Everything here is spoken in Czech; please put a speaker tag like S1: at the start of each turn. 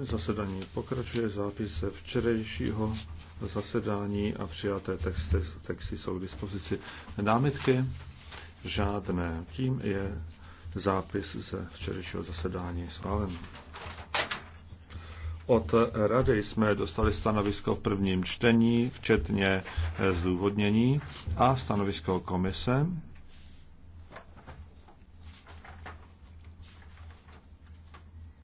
S1: Zasedání pokračuje zápis včerejšího zasedání a přijaté texty, texty jsou k dispozici. Námitky? Žádné. Tím je zápis ze včerejšího zasedání schválen. Od Rady jsme dostali stanovisko v prvním čtení, včetně zdůvodnění a stanovisko komise.